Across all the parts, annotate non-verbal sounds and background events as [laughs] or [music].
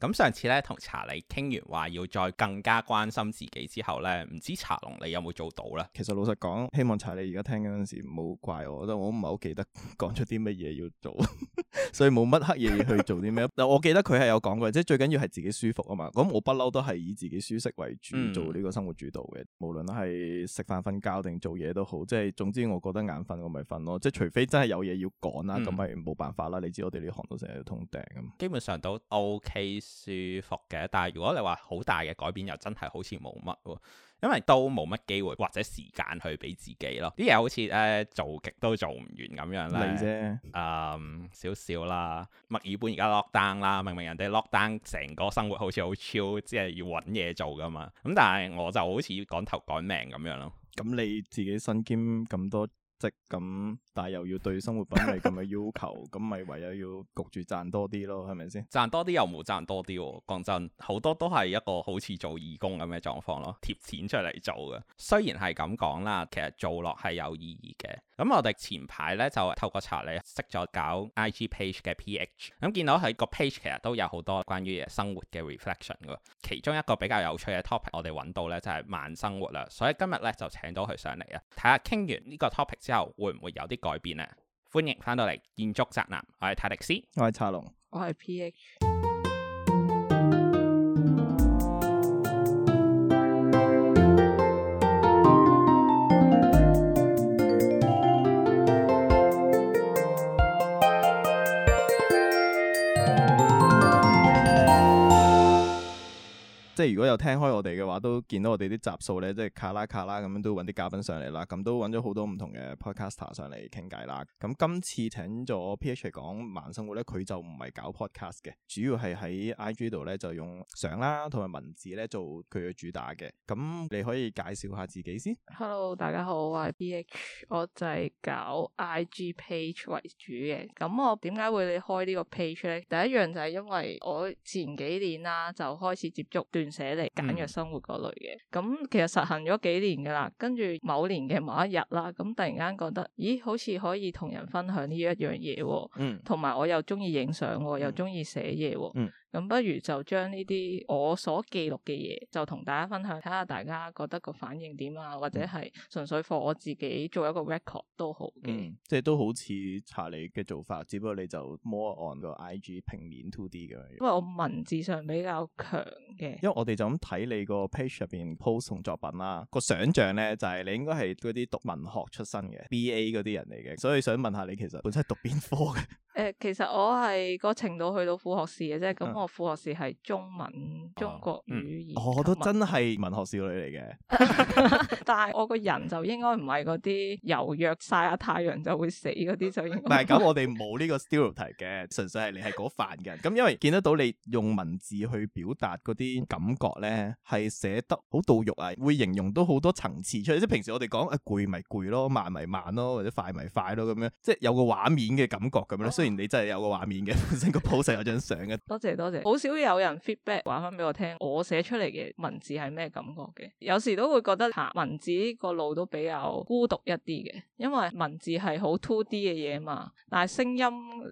咁上次咧同查理傾完話要再更加關心自己之後咧，唔知查龍你有冇做到咧？其實老實講，希望查理而家聽嗰陣時唔好怪我，因為我唔係好記得講出啲乜嘢要做， [laughs] 所以冇乜刻意去做啲咩。 [laughs] 但我記得佢係有講過，即係最緊要係自己舒服啊嘛。咁我不嬲都係以自己舒適為主做呢個生活主導嘅，嗯、無論係食飯瞓覺定做嘢都好，即係總之我覺得眼瞓我咪瞓咯，即係除非真係有嘢要講啦，咁咪冇辦法啦。你知我哋呢行都成日要通頂咁，嗯、基本上都 OK。舒服嘅，但係如果你話好大嘅改變，又真係好似冇乜，因為都冇乜機會或者時間去俾自己咯。啲嘢好似咧、呃、做極都做唔完咁樣咧。嗯，少少、um, 啦。墨爾本而家 lock down 啦，明明人哋 lock down 成個生活好似好超，即係要搵嘢做噶嘛。咁、嗯、但係我就好似趕頭趕命咁樣咯。咁你自己身兼咁多職咁？但又要對生活品味咁嘅要求，咁咪 [laughs] 唯有要焗住賺多啲咯，係咪先？賺多啲又冇賺多啲喎，講真，好多都係一個好似做義工咁嘅狀況咯，貼錢出嚟做嘅。雖然係咁講啦，其實做落係有意義嘅。咁我哋前排咧就透過查理識咗搞 IG page 嘅 PH，咁見到喺個 page 其實都有好多關於生活嘅 reflection 喎。其中一個比較有趣嘅 topic 我哋揾到咧就係、是、慢生活啦，所以今日咧就請到佢上嚟啊，睇下傾完呢個 topic 之後會唔會有啲改變啊！歡迎翻到嚟，建築宅男，我係泰迪斯，我係查龍，我係 PH。即係如果有聽開我哋嘅話，都見到我哋啲集數咧，即係卡拉卡拉咁樣都揾啲嘉賓上嚟啦，咁都揾咗好多唔同嘅 podcaster 上嚟傾偈啦。咁今次請咗 PH 嚟講慢生活咧，佢就唔係搞 podcast 嘅，主要係喺 IG 度咧就用相啦同埋文字咧做佢嘅主打嘅。咁你可以介紹下自己先。Hello，大家好，我係 PH，我就係搞 IG page 為主嘅。咁我點解會開呢個 page 咧？第一樣就係因為我前幾年啦就開始接觸。寫嚟簡約生活嗰類嘅，咁其實實行咗幾年噶啦，跟住某年嘅某一日啦，咁突然間覺得，咦，好似可以同人分享呢一樣嘢，嗯嗯，嗯，同埋我又中意影相，又中意寫嘢，嗯。咁不如就將呢啲我所記錄嘅嘢，就同大家分享，睇下大家覺得個反應點啊，或者係純粹放我自己做一個 record、嗯就是、都好嘅。即係都好似查你嘅做法，只不過你就 more on 個 IG 平面 two D 咁樣。因為我文字上比較強嘅。因為我哋就咁睇你個 page 入邊 post 同作品啦，個想象咧就係、是、你應該係嗰啲讀文學出身嘅 B A 嗰啲人嚟嘅，所以想問下你其實本身係讀邊科嘅？ [laughs] 誒，其實我係個程度去到副學士嘅啫，咁我副學士係中文、中國語言語、啊嗯，我都真係文學少女嚟嘅。 [laughs] [laughs] 但係我個人就應該唔係嗰啲柔弱曬下太陽就會死嗰啲，就應該唔係。咁 [laughs] 我哋冇呢個 stereotype 嘅，純粹係你係嗰範嘅人。咁 [laughs] 因為見得到你用文字去表達嗰啲感覺咧，係寫得好到肉啊，會形容到好多層次出嚟。即係平時我哋講攰咪攰咯，慢咪慢咯，或者快咪快咯咁樣，即係有個畫面嘅感覺咁樣。雖然 [laughs] 你真係有個畫面嘅，本身個 post 有張相嘅 [laughs] 。多謝多謝，好少有人 feedback 話翻俾我聽，我寫出嚟嘅文字係咩感覺嘅。有時都會覺得文字個路都比較孤獨一啲嘅，因為文字係好 two D 嘅嘢嘛。但係聲音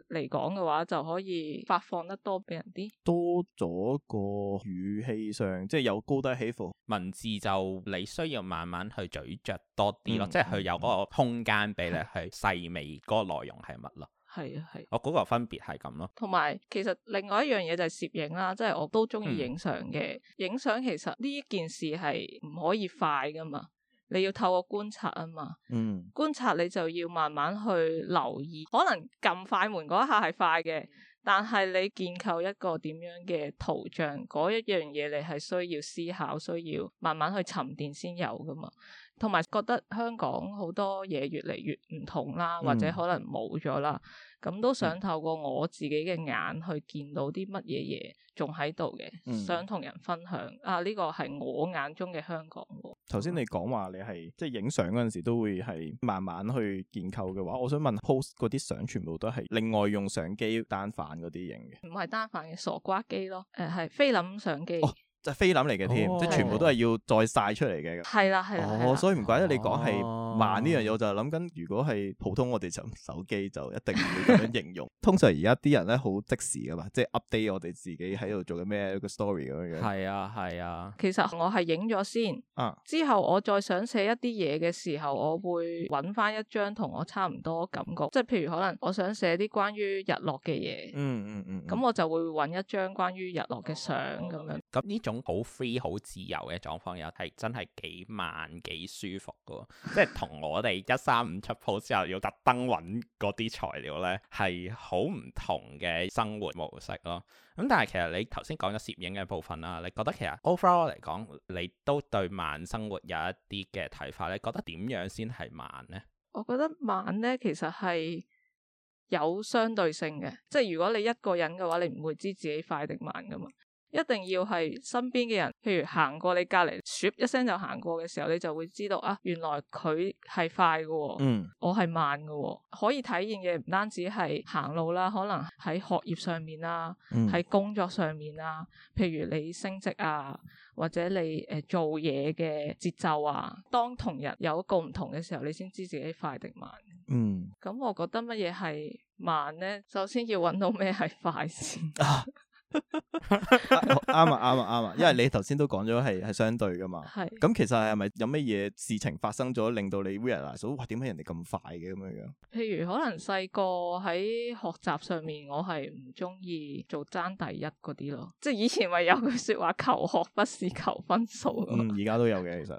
嚟講嘅話，就可以發放得多俾人啲。多咗個語氣上，即係有高低起伏。文字就你需要慢慢去咀嚼多啲咯，即係佢有嗰個空間俾、嗯嗯、你去細味嗰個內容係乜咯。係啊係，我嗰個分別係咁咯。同埋其實另外一樣嘢就係攝影啦，即係我都中意影相嘅。影相、嗯、其實呢件事係唔可以快噶嘛，你要透過觀察啊嘛。嗯。觀察你就要慢慢去留意，可能撳快門嗰下係快嘅，但係你建構一個點樣嘅圖像，嗰一樣嘢你係需要思考，需要慢慢去沉澱先有噶嘛。同埋覺得香港好多嘢越嚟越唔同啦，或者可能冇咗啦，咁、嗯、都想透過我自己嘅眼去見到啲乜嘢嘢仲喺度嘅，嗯、想同人分享啊！呢、呢個係我眼中嘅香港。頭先你講話你係即係影相嗰陣時都會係慢慢去建構嘅話，我想問 post 嗰啲相全部都係另外用相機單反嗰啲影嘅？唔係單反嘅傻瓜機咯，誒、呃、係菲林相機。哦就菲林嚟嘅添，即係全部都係要再晒出嚟嘅。係啦、哦，係啦，哦，所以唔怪得你講係慢呢樣嘢，哦、我就諗緊，如果係普通我哋就手機就一定唔會咁樣形容。 [laughs] 通常而家啲人咧好即時㗎嘛，即係 update 我哋自己喺度做嘅咩一個 story 咁樣樣。係啊，係啊。其實我係影咗先，啊，之後我再想寫一啲嘢嘅時候，我會揾翻一張同我差唔多感覺，即係譬如可能我想寫啲關於日落嘅嘢、嗯，嗯嗯嗯，咁我就會揾一張關於日落嘅相咁樣，咁呢種。好 free、好自由嘅狀況又係真係幾慢幾舒服嘅，即係同我哋一三五出鋪之後要特登揾嗰啲材料咧，係好唔同嘅生活模式咯。咁但係其實你頭先講咗攝影嘅部分啦，你覺得其實 overall 嚟講，你都對慢生活有一啲嘅睇法，你覺得點樣先係慢呢？我覺得慢咧，其實係有相對性嘅，即係如果你一個人嘅話，你唔會知自己快定慢噶嘛。一定要係身邊嘅人，譬如行過你隔籬咻一聲就行過嘅時候，你就會知道啊，原來佢係快嘅，嗯、我係慢嘅，可以體現嘅唔單止係行路啦，可能喺學業上面啦，喺、嗯、工作上面啦，譬如你升職啊，或者你誒、呃、做嘢嘅節奏啊，當同人有一個唔同嘅時候，你先知自己快定慢。嗯，咁我覺得乜嘢係慢咧？首先要揾到咩係快先，啊。啱 [laughs] 啊啱啊啱啊,啊,啊,啊,啊，因為你頭先都講咗係係相對噶嘛，咁是、嗯、其實係咪有乜嘢事情發生咗，令到你 realize 到，哇，點解人哋咁快嘅咁樣樣？譬如可能細個喺學習上面，我係唔中意做爭第一嗰啲咯，即係以前咪有句說話，求學不是求分數。嗯，而家都有嘅其實。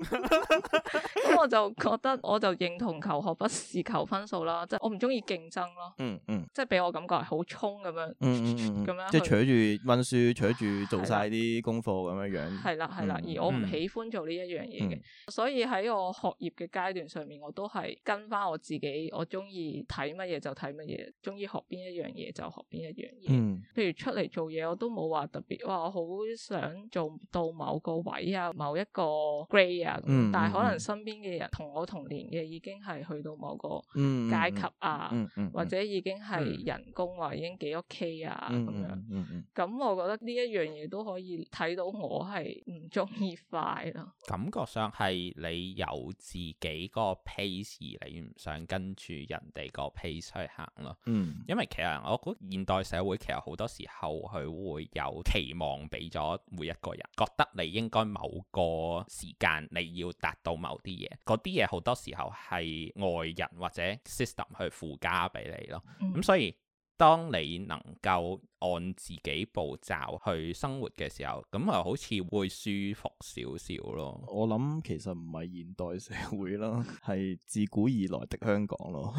咁 [laughs] [laughs] [laughs] [laughs] [laughs] 我就覺得，我就認同求學不是求分數啦，即係我唔中意競爭咯、嗯。嗯的嗯，即係俾我感覺係好衝咁樣，咁樣即係取住溫書，取住做晒啲功課咁樣樣。係啦係啦，而我唔喜歡做呢一樣嘢嘅，嗯、所以喺我學業嘅階段上面，我都係跟翻我自己，我中意睇乜嘢就睇乜嘢，中意學邊一樣嘢就學邊一樣嘢。譬、嗯、如出嚟做嘢，我都冇話特別、哦、我好想做到某個位啊，某一個 grade 啊。但係可能身邊嘅人同我同年嘅，已經係去到某個階級啊，或者已經係人工話已經幾 ok 啊咁樣。咁我覺得呢一樣嘢都可以睇到我係唔中意快咯。感覺上係你有自己個 pace，你唔想跟住人哋個 pace 去行咯。嗯，因為其實我估現代社會其實好多時候佢會有期望俾咗每一個人，覺得你應該某個時間係要達到某啲嘢，嗰啲嘢好多時候係外人或者 system 去附加俾你咯。咁、嗯嗯、所以，當你能夠按自己步驟去生活嘅時候，咁啊，好似會舒服少少咯。我諗其實唔係現代社會啦，係自古以來的香港咯，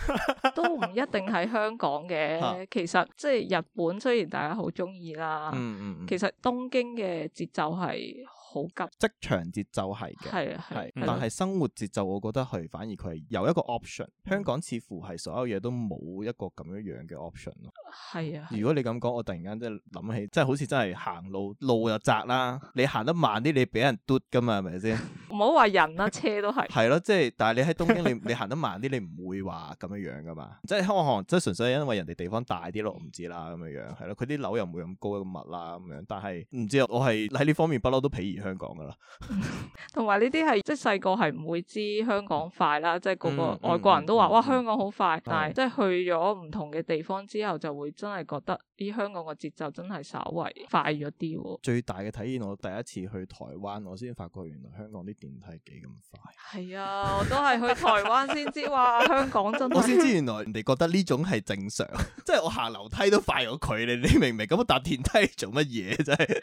[laughs] 都唔一定係香港嘅。其實即係日本，雖然大家好中意啦，嗯嗯，其實東京嘅節奏係，好急，職場節奏係嘅，係啊係，的但係生活節奏我覺得係的反而佢係有一個 option。香港似乎係所有嘢都冇一個咁樣樣嘅 option 咯。係啊的，如果你咁講，我突然間即係諗起，即係好似真係行路路又窄啦，你行得慢啲，你俾人嘟 o 㗎嘛，係咪先？唔好話人啦、啊，車都係。係咯， [laughs] 即係但係你喺東京你，你你行得慢啲，你唔會話咁樣樣㗎嘛？即係香港，即係純粹係因為人哋地方大啲咯，唔知啦咁樣樣係咯。佢啲樓又冇咁高咁密啦咁樣，但係唔知我係喺呢方面不嬲都譬如。香港噶啦 [laughs] 同埋呢啲係即係細個係唔會知香港快啦，即係嗰個外國人都話、嗯嗯、哇香港好快，嗯、但係即係去咗唔同嘅地方之後，就會真係覺得啲香港嘅節奏真係稍為快咗啲。最大嘅體驗，我第一次去台灣，我先發覺原來香港啲電梯幾咁快。係啊，我都係去台灣先知話 [laughs] 香港真係。我先知原來人哋覺得呢種係正常， [laughs] 即係我下樓梯都快咗。佢你，你明唔明？咁我搭電梯做乜嘢真係？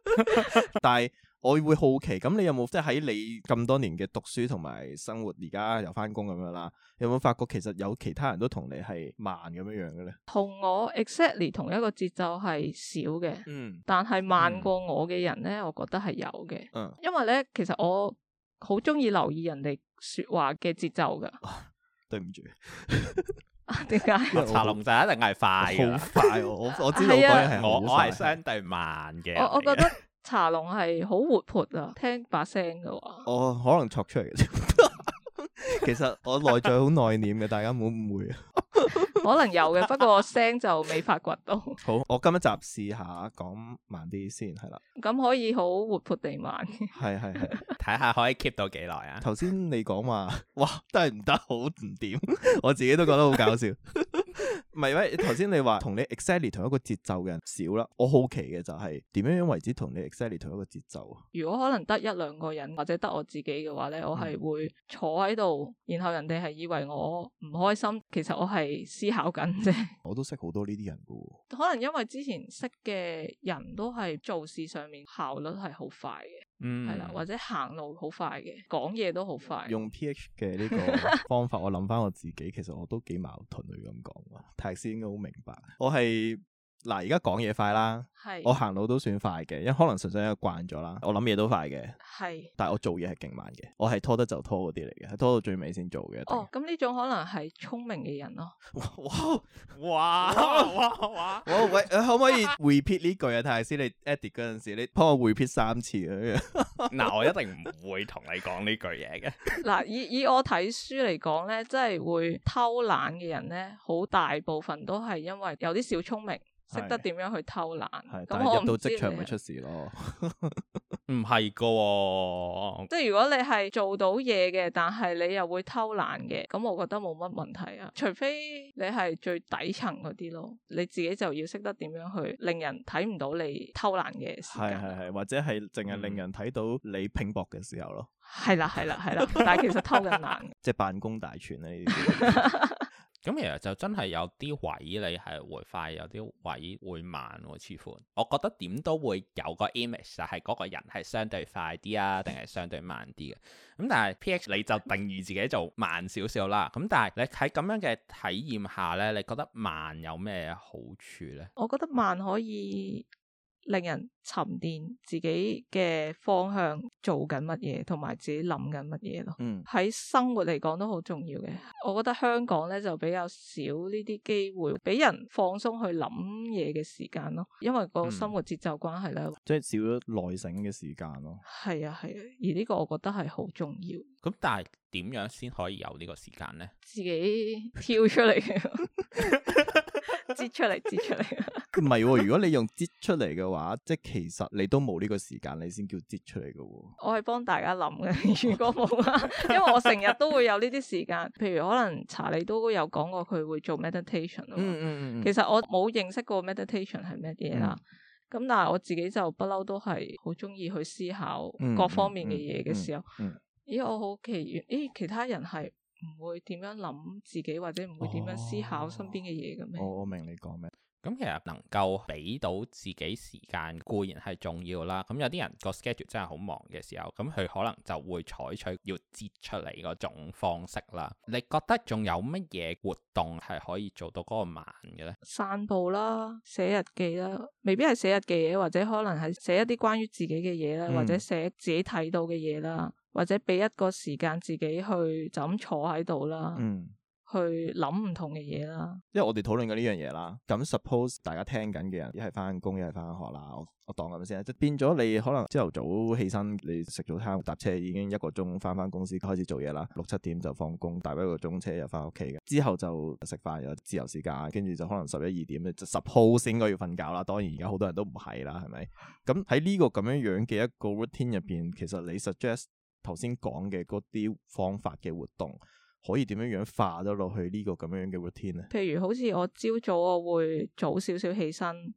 [laughs] [laughs] 但係我會好奇，咁你有冇即係喺你咁多年嘅讀書同埋生活，而家又返工咁樣啦？有冇發覺其實有其他人都同你係慢咁樣樣嘅咧？同我 exactly 同一個節奏係少嘅，嗯，但係慢過我嘅人咧，我覺得係有嘅，嗯，因為咧，其實我好鍾意留意人哋說話嘅節奏噶。對唔住，點解茶林仔一定係快好快，我我知道，我我係相對慢嘅，我我覺得。茶龍係好活潑啊，聽把聲嘅話，我可能鑿出嚟嘅啫。其實我內在好內斂嘅，大家唔好誤會啊。 [laughs] 可能有嘅，不過聲就未發掘到。好，我今日集試下講慢啲先，係啦。咁可以好活潑地慢啲 [laughs] ，係係係，睇下可以 keep 到幾耐啊。頭先你講話，哇，都係唔得好唔掂， [laughs] 我自己都覺得好搞笑。 [laughs] 唔係喂，頭先 [laughs] 你話同你 exactly 同一個節奏嘅人少啦。我好奇嘅就係點樣樣為止同你 exactly 同一個節奏啊？如果可能得一兩個人或者得我自己嘅話咧，我係會坐喺度，然後人哋係以為我唔開心，其實我係思考緊啫。我都識好多呢啲人噶喎。可能因為之前識嘅人都係做事上面效率係好快嘅。係啦，嗯、或者行路好快嘅，講嘢都好快。用 PH 嘅呢個方法， [laughs] 我諗翻我自己，其實我都幾矛盾嚟咁講嘅。泰斯應該好明白，我係。嗱，而家講嘢快啦，是我行路都算快嘅，因為可能純粹因為慣咗啦。我諗嘢都快嘅，是但係我做嘢係勁慢嘅，我係拖得就拖嗰啲嚟嘅，拖到最尾先做嘅。哦，咁呢種可能係聰明嘅人咯。哇哇哇，哇，哇，哇，哇，哇喂，呃、可唔可以回撇呢句啊？睇下先，你 Eddie 嗰陣時，你幫我回撇三次 [laughs] 啊！嗱，我一定唔會同你、啊、講呢句嘢嘅。嗱，以以我睇書嚟講咧，真係會偷懶嘅人咧，好大部分都係因為有啲小聰明。識得點樣去偷懶，咁入到職場咪出事咯？唔係個， [laughs] 哦、即係如果你係做到嘢嘅，但係你又會偷懶嘅，咁我覺得冇乜問題啊。除非你係最底層嗰啲咯，你自己就要識得點樣去令人睇唔到你偷懶嘅時間，係係係，或者係淨係令人睇到你拼搏嘅時候咯。係啦係啦係啦，但係其實偷緊懶 [laughs] 即係辦公大全啦呢啲。 [laughs] 咁其實就真係有啲位你係會快，有啲位會慢，似乎我覺得點都會有個 image 就係嗰個人係相對快啲啊，定係相對慢啲嘅。咁但係 PH 你就定義自己做慢少少啦。咁但係你喺咁樣嘅體驗下呢，你覺得慢有咩好處呢？我覺得慢可以令人沉澱自己嘅方向，做緊乜嘢，同埋自己諗緊乜嘢咯。嗯，喺生活嚟講都好重要嘅。我覺得香港咧就比較少呢啲機會，俾人放鬆去諗嘢嘅時間咯。因為個生活節奏關係咧，即係少咗耐性嘅時間咯。係啊係啊，而呢個我覺得係好重要。咁但係點樣先可以有呢個時間咧？自己跳出嚟。 [laughs] [laughs] 擠出嚟，擠出嚟。唔係、 [laughs] 哦，如果你用擠出嚟嘅話，即係其實你都冇呢個時間，你先叫擠出嚟嘅。我係幫大家諗嘅，如果冇啊 [laughs] 因為我成日都會有呢啲時間。譬如，可能查理都有講過佢會做 meditation 啊、嗯。嗯嗯嗯。其實我冇認識過 meditation 係咩嘢啦。咁、嗯、但係我自己就不嬲都係好中意去思考各方面嘅嘢嘅時候，嗯嗯嗯嗯嗯、咦我好奇，咦其他人係。唔會點樣諗自己，或者唔會點樣思考身邊嘅嘢咁樣。我明你講咩？咁其實能夠俾到自己時間固然係重要啦。咁有啲人個 schedule 真係好忙嘅時候，咁佢可能就會採取要擠出嚟嗰種方式啦。你覺得仲有乜嘢活動係可以做到嗰個慢嘅咧？散步啦，寫日記啦，未必係寫日記嘢，或者可能係寫一啲關於自己嘅嘢啦，嗯、或者寫自己睇到嘅嘢啦。或者俾一個時間自己去就咁坐喺度啦，嗯、去諗唔同嘅嘢啦。因為我哋討論緊呢樣嘢啦，咁 suppose 大家聽緊嘅人，一係返工，一係返學啦。我我當咁先啦，就變咗你可能朝頭早起身，你食早餐搭車已經一個鐘返返公司開始做嘢啦，六七點就放工，大約一個鐘車又返屋企嘅。之後就食飯有自由時間，跟住就可能十一二點咧，就 suppose 應該要瞓覺啦。當然而家好多人都唔係啦，係咪？咁喺呢個咁樣樣嘅一個 routine 入邊，其實你 suggest，頭先講嘅嗰啲方法嘅活動可以點樣樣化咗落去這個這呢個咁樣嘅 routine 咧？譬如好似我朝早，我會早少少起身。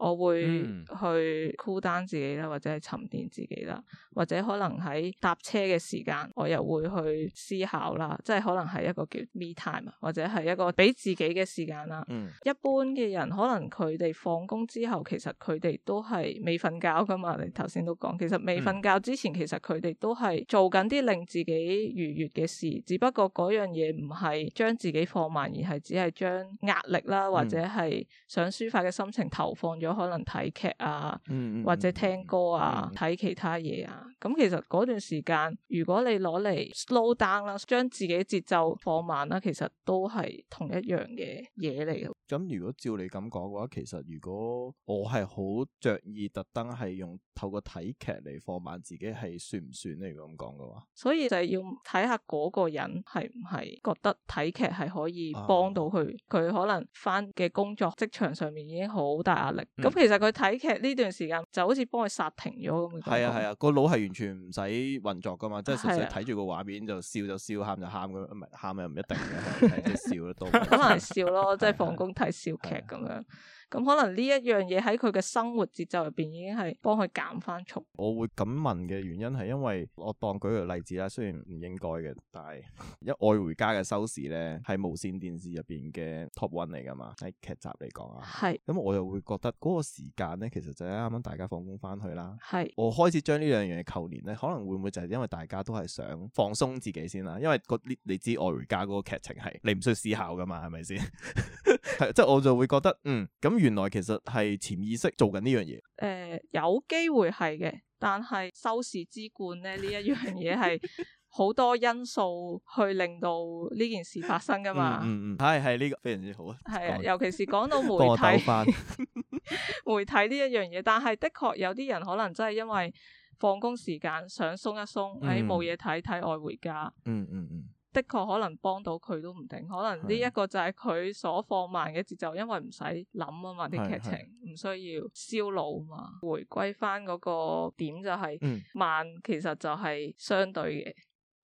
我會去 cool down 自己啦，或者係沉澱自己啦，或者可能喺搭車嘅時間我又會去思考啦，即係可能係一個叫 me time，啊，或者係一個俾自己嘅時間啦。嗯，一般嘅人可能佢哋放工之後其實佢哋都係未瞓覺噶嘛。你頭先都講其實未瞓覺之前，其實佢哋都係做緊啲令自己愉悅嘅事，只不過樣嘢唔係將自己放慢，而係只係將壓力啦，或者係想抒發嘅心情投放咗。嗯可能睇劇啊，嗯嗯嗯或者聽歌啊，睇、嗯嗯嗯、其他嘢啊，咁其實嗰段時間，如果你攞嚟 slow down 啦，將自己節奏放慢啦，其實都係同一樣嘅嘢嚟嘅。咁如果照你咁講嘅話，其實如果我係好着意特登係用透過睇劇嚟放慢自己，係算唔算咧？如果咁講嘅話，所以就係要睇下嗰個人係唔係覺得睇劇係可以幫到佢，佢、啊、可能返嘅工作職場上面已經好大壓力。咁、嗯、其實佢睇劇呢段時間就好似幫佢剎停咗咁。係啊係啊，啊嗰個腦係完全唔使運作㗎嘛，即係純粹睇住個畫面就笑就笑，喊就喊咁，唔係喊又唔一定嘅，睇啲笑得多。可能係笑咯， [laughs] 即係放工睇笑劇咁樣。 [laughs] 是啊 [laughs] 咁可能呢一樣嘢喺佢嘅生活節奏入邊已經係幫佢減翻速。我會咁問嘅原因係因為我當舉個例子啦，雖然唔應該嘅，但係因為《愛回家》嘅收視咧係無線電視入邊嘅 Top One 嚟噶嘛，喺劇集嚟講啊。係是。咁我又會覺得嗰個時間咧，其實就係啱啱大家放工翻去啦。係是。我開始將呢兩樣嘢扣連咧，可能會唔會就係因為大家都係想放鬆自己先啦？因為啲你知《愛回家》嗰個劇情係你唔需要思考噶嘛，係咪先？即 [laughs] 係 [laughs] 我就會覺得嗯咁。原來其實係潛意識做緊呢樣嘢，誒、呃，有機會係嘅，但係收視之冠咧呢一樣嘢係好多因素去令到呢件事發生噶嘛，嗯 [laughs] 嗯，係係呢個非常之好啊，係啊，尤其是講到媒體， [laughs] 講豆班笑媒體呢一樣嘢，但係的確有啲人可能真係因為放工時間想鬆一鬆，誒、嗯，冇嘢睇睇外回家，嗯嗯嗯。嗯嗯的確可能幫到佢都唔定，可能呢一個就係佢所放慢嘅節奏，因為唔使諗啊嘛，啲劇情唔需要燒腦啊嘛，回歸翻嗰個點就係、係嗯、慢，其實就係相對嘅。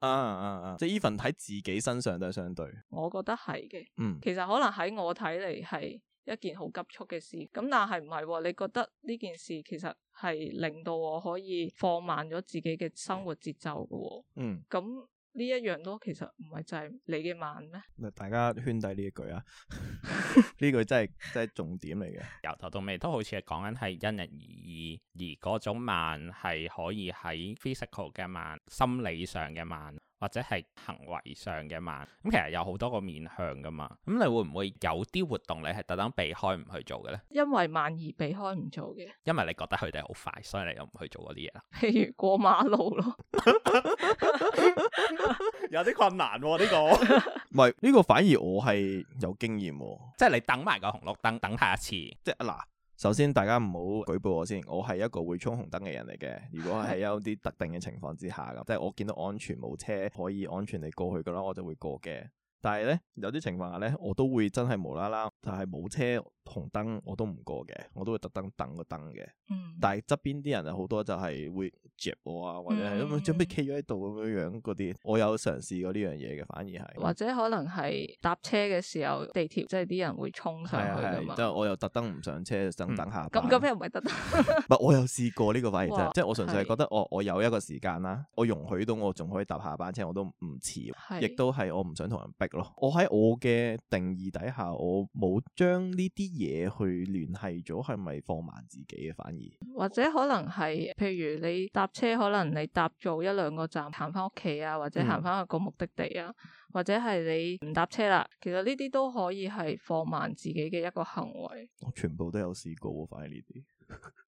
啊啊啊！即係 even 喺自己身上都係相對。我覺得係嘅。嗯。其實可能喺我睇嚟係一件好急速嘅事，咁但係唔係喎？你覺得呢件事其實係令到我可以放慢咗自己嘅生活節奏嘅喎、哦。嗯。咁。呢一樣都其實唔係就係你嘅慢咩？大家圈底呢一句啊，呢 [laughs] 句真係 [laughs] 真係重點嚟嘅，由頭到尾都好似係講緊係因人而異，而嗰種慢係可以喺 physical 嘅慢、心理上嘅慢，或者係行為上嘅慢，咁其實有好多個面向噶嘛，咁你會唔會有啲活動你係特登避開唔去做嘅咧？因為慢而避開唔做嘅，因為你覺得佢哋好快，所以你又唔去做嗰啲嘢啦。譬如過馬路咯， [laughs] [laughs] [laughs] 有啲困難呢、啊，這個，唔係呢個反而我係有經驗、啊，即係你等埋個紅綠燈等，等下一次，即係嗱。首先大家唔好舉報我先，我係一個會衝紅燈嘅人嚟嘅。如果係有啲特定嘅情況之下咁，即係 [laughs] 我見到安全冇車可以安全地過去嘅啦，我就會過嘅。但係呢，有啲情況下呢，我都會真係無啦啦。就係冇車紅燈我都唔過嘅，我都會特登等個燈嘅。嗯，但係側邊啲人好多就係會接我啊，或者係準備企咗喺度咁樣樣嗰啲。我有嘗試過呢樣嘢嘅，反而係或者可能係搭車嘅時候，地鐵即係啲人會衝上去噶嘛。即係我又特登唔上車，等等下。咁咁咩唔係特登？唔係，我有試過呢個反而即係我純粹係覺得，哦，我有一個時間啦，我容許到我仲可以搭下班車，我都唔遲，亦都係我唔想同人逼咯。我喺我嘅定義底下，我。冇將呢啲嘢去聯繫咗，係咪放慢自己啊？反而或者可能係，譬如你搭車，可能你搭咗一兩個站，行翻屋企啊，或者行翻去個目的地啊，或者係你唔搭車啦。其實呢啲都可以係放慢自己嘅一個行為。我全部都有試過喎，啊，反而呢啲。 [laughs]